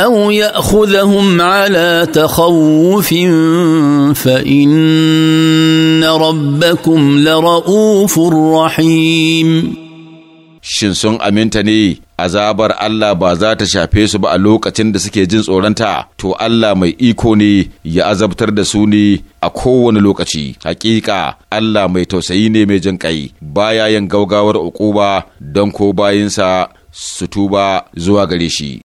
أو يأخذهم على تخوف فإن ربكم لرؤوف رحيم Shin sun aminta ne azabar Allah ba za ta shafe su ba a lokacin da suke jin tsoronta, to Allah mai iko ne ya azabtar da su ne a kowane lokaci. Hakika Allah mai tausayi ne mai jin ƙai, baya yin gaugawar ba don ko bayinsa su tuba zuwa gare shi.